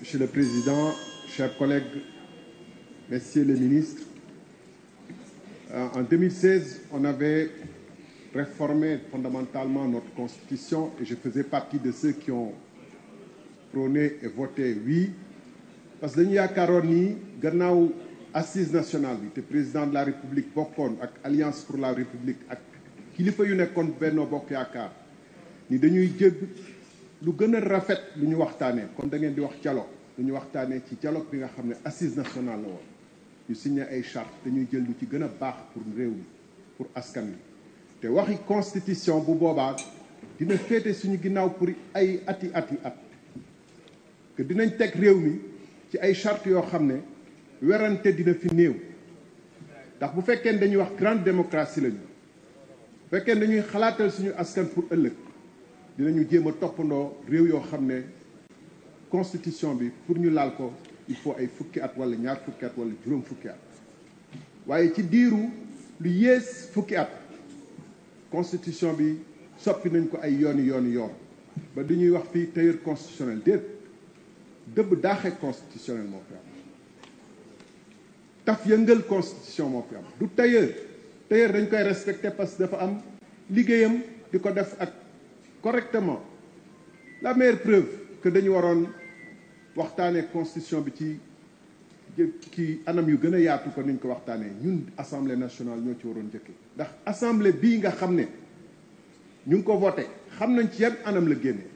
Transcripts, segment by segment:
Monsieur le Président, chers collègues, messieurs les ministres, euh, en 2016, on avait réformé fondamentalement notre constitution et je faisais partie de ceux qui ont prôné et voté oui. Parce que nous ni gannaaw assise nationale bi te président de la république bokkoon ak alliance pour la république ak kilifa yu nekkoon Benno Bokk Yaakaar ni dañuy jëgg lu gën a rafet lu ñu waxtaanee comme da ngeen di wax dialogue lu ñu waxtaanee ci dialogue bi nga xam ne assise nationale la woon ñu signé ay charte dañuy jël lu ci gën a baax pour réew mi pour askan wi te waxi constitution bu boobaa dina féete suñu ginnaaw pour ay ati ati at que dinañ teg réew mi ci ay charte yoo xam ne werante dina fi néew ndax bu fekkee dañuy wax grande démocratie lañu bu fekkee dañuy xalaatal suñu askan pour ëllëg dinañu jéem a toppandoo réew yoo xam ne constitution bi pour ñu laal ko il faut ay fukki at wala ñaar fukki at wala juróom fukki at waaye ci diiru lu yées fukki at constitution bi soppi nañ ko ay yooni yooni yoon ba di ñuy wax fii tailleur constitutionnel déet dëbb daaxe constitutionnel moo fi am taf yëngal constitution moo fi am du tailleur tailleur dañ koy respecté parce que dafa am liggéeyam di ko def ak correctement la meilleure preuve que dañu waroon waxtaanee constitution bi ci ci anam yu gën a yaatu ko niñ ko waxtaanee ñun assemblée nationale ñoo ci waroon njëkkee ndax assemblée bii nga xam ne ñu ngi ko voté xam nañ ci yan anam la génnee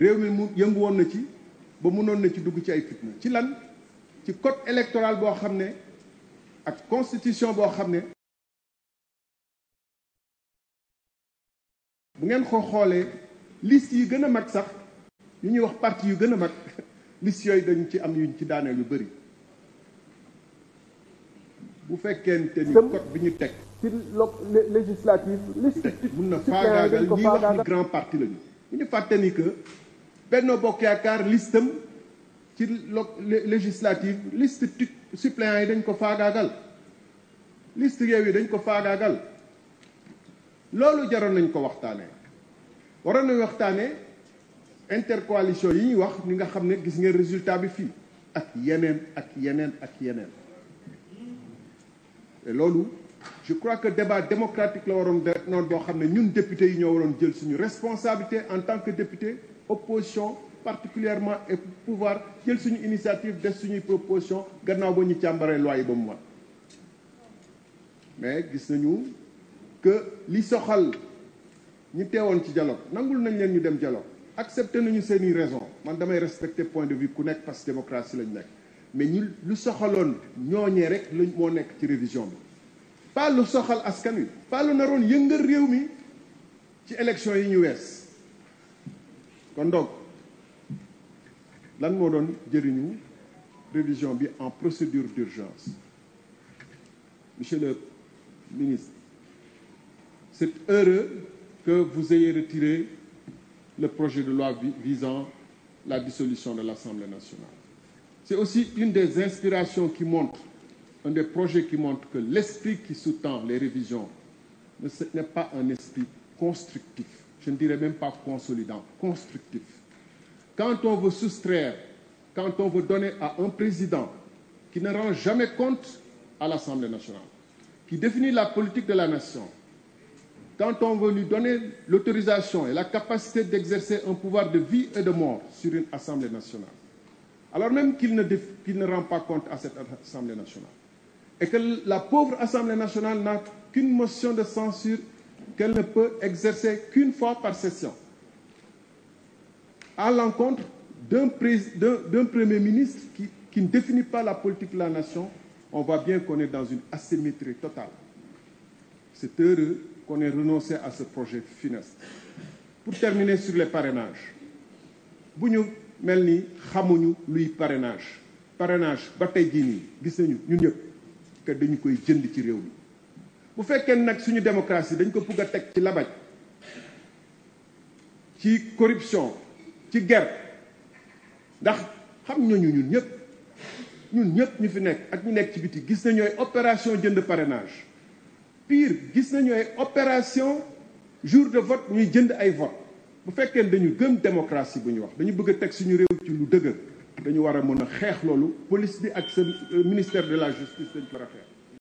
réew mi mu yëngu woon na ci ba mënoon na ci dugg ci ay fitna ci lan ci code électoral boo xam ne ak constitution boo xam ne bu ngeen ko xoolee liste yi gën a mag sax yu ñuy wax parti yu gën a mag liste yooyu dañu ci am yuñ ci daaneel yu bëri bu fekkente ni code bi ñu teg. ci législative liste mun na faagaagal ñi wax ni grand parti lañu bu ñu fàtte ni que listam ci lo législative liste suppléant yi dañ ko faagaagal liste yeew yi dañ ko faagaagal loolu jaroon nañ ko waxtaanee waroon nañ waxtaanee intercoalition yi ñuy wax ni nga xam ne gis ngeen résultat bi fii ak yeneen ak yeneen ak yeneen te loolu je crois que débat démocratique la waroon de noon boo xam ne ñun député yi ñoo waroon jël suñu responsabilité en tant que député opposition particulièrement et pouvoir jël suñu initiative def suñuy proposition gannaaw ba ñu càmbaree loi yi ba mu war mais gis nañu que li soxal ñi teewoon ci dialogue nangul nañ leen ñu dem dialogue accepté nañu seeni raison man damay respecté point de vue ku nekk parce que démocratie lañ nekk mais ñu lu soxaloon ñooñee rek lañ moo nekk ci révision bi pas soxal askan wi pas lu naroon yëngal réew mi ci élection yi ñu wees kon donc lan moo doon jëriñu révision bi en procédure d'urgence monsieur le ministre c'est heureux que vous ayez retiré le projet de loi visant la dissolution de l'Assemblée nationale. C'est aussi une des inspirations qui montre, un des projets qui montre que l'esprit qui sous-tend les révisions n'est pas un esprit constructif, je ne dirais même pas consolidant, constructif. Quand on veut soustraire, quand on veut donner à un président qui ne rend jamais compte à l'Assemblée nationale, qui définit la politique de la nation, quand on veut lui donner l'autorisation et la capacité d'exercer un pouvoir de vie et de mort sur une Assemblée nationale, alors même qu'il ne, qu rend pas compte à cette Assemblée nationale, et que la pauvre Assemblée nationale n'a qu'une motion de censure qu'elle ne peut exercer qu'une fois par session, à l'encontre d'un Premier ministre qui, qui ne définit pas la politique de la nation, on voit bien qu'on est dans une asymétrie totale. C'est heureux qu'on ait renoncé à ce projet funeste. Pour terminer sur les parrainages bu ñu mel ni xamuñu luy parenage parenage ba tey jii nii gis nañu ñun ñëpp que dañu koy jënd ci réew mi bu fekkee nag suñu démocratie dañ ko bugg a teg ci labaj ci corruption ci gert ndax xam nañu ñun ñëpp ñun ñëpp ñu fi nekk ak ñu nekk ci biti gis nañu ay opération jënd parenage piir gis nañu ay opération jour de vote ñuy jënd ay vote bu fekkee dañu gëm démocratie bu ñu wax dañu bëgg teg suñu réew ci lu dëgër dañu war a mën a xeex loolu police bi ak sa euh, ministère de la justice dañ ko war a xeex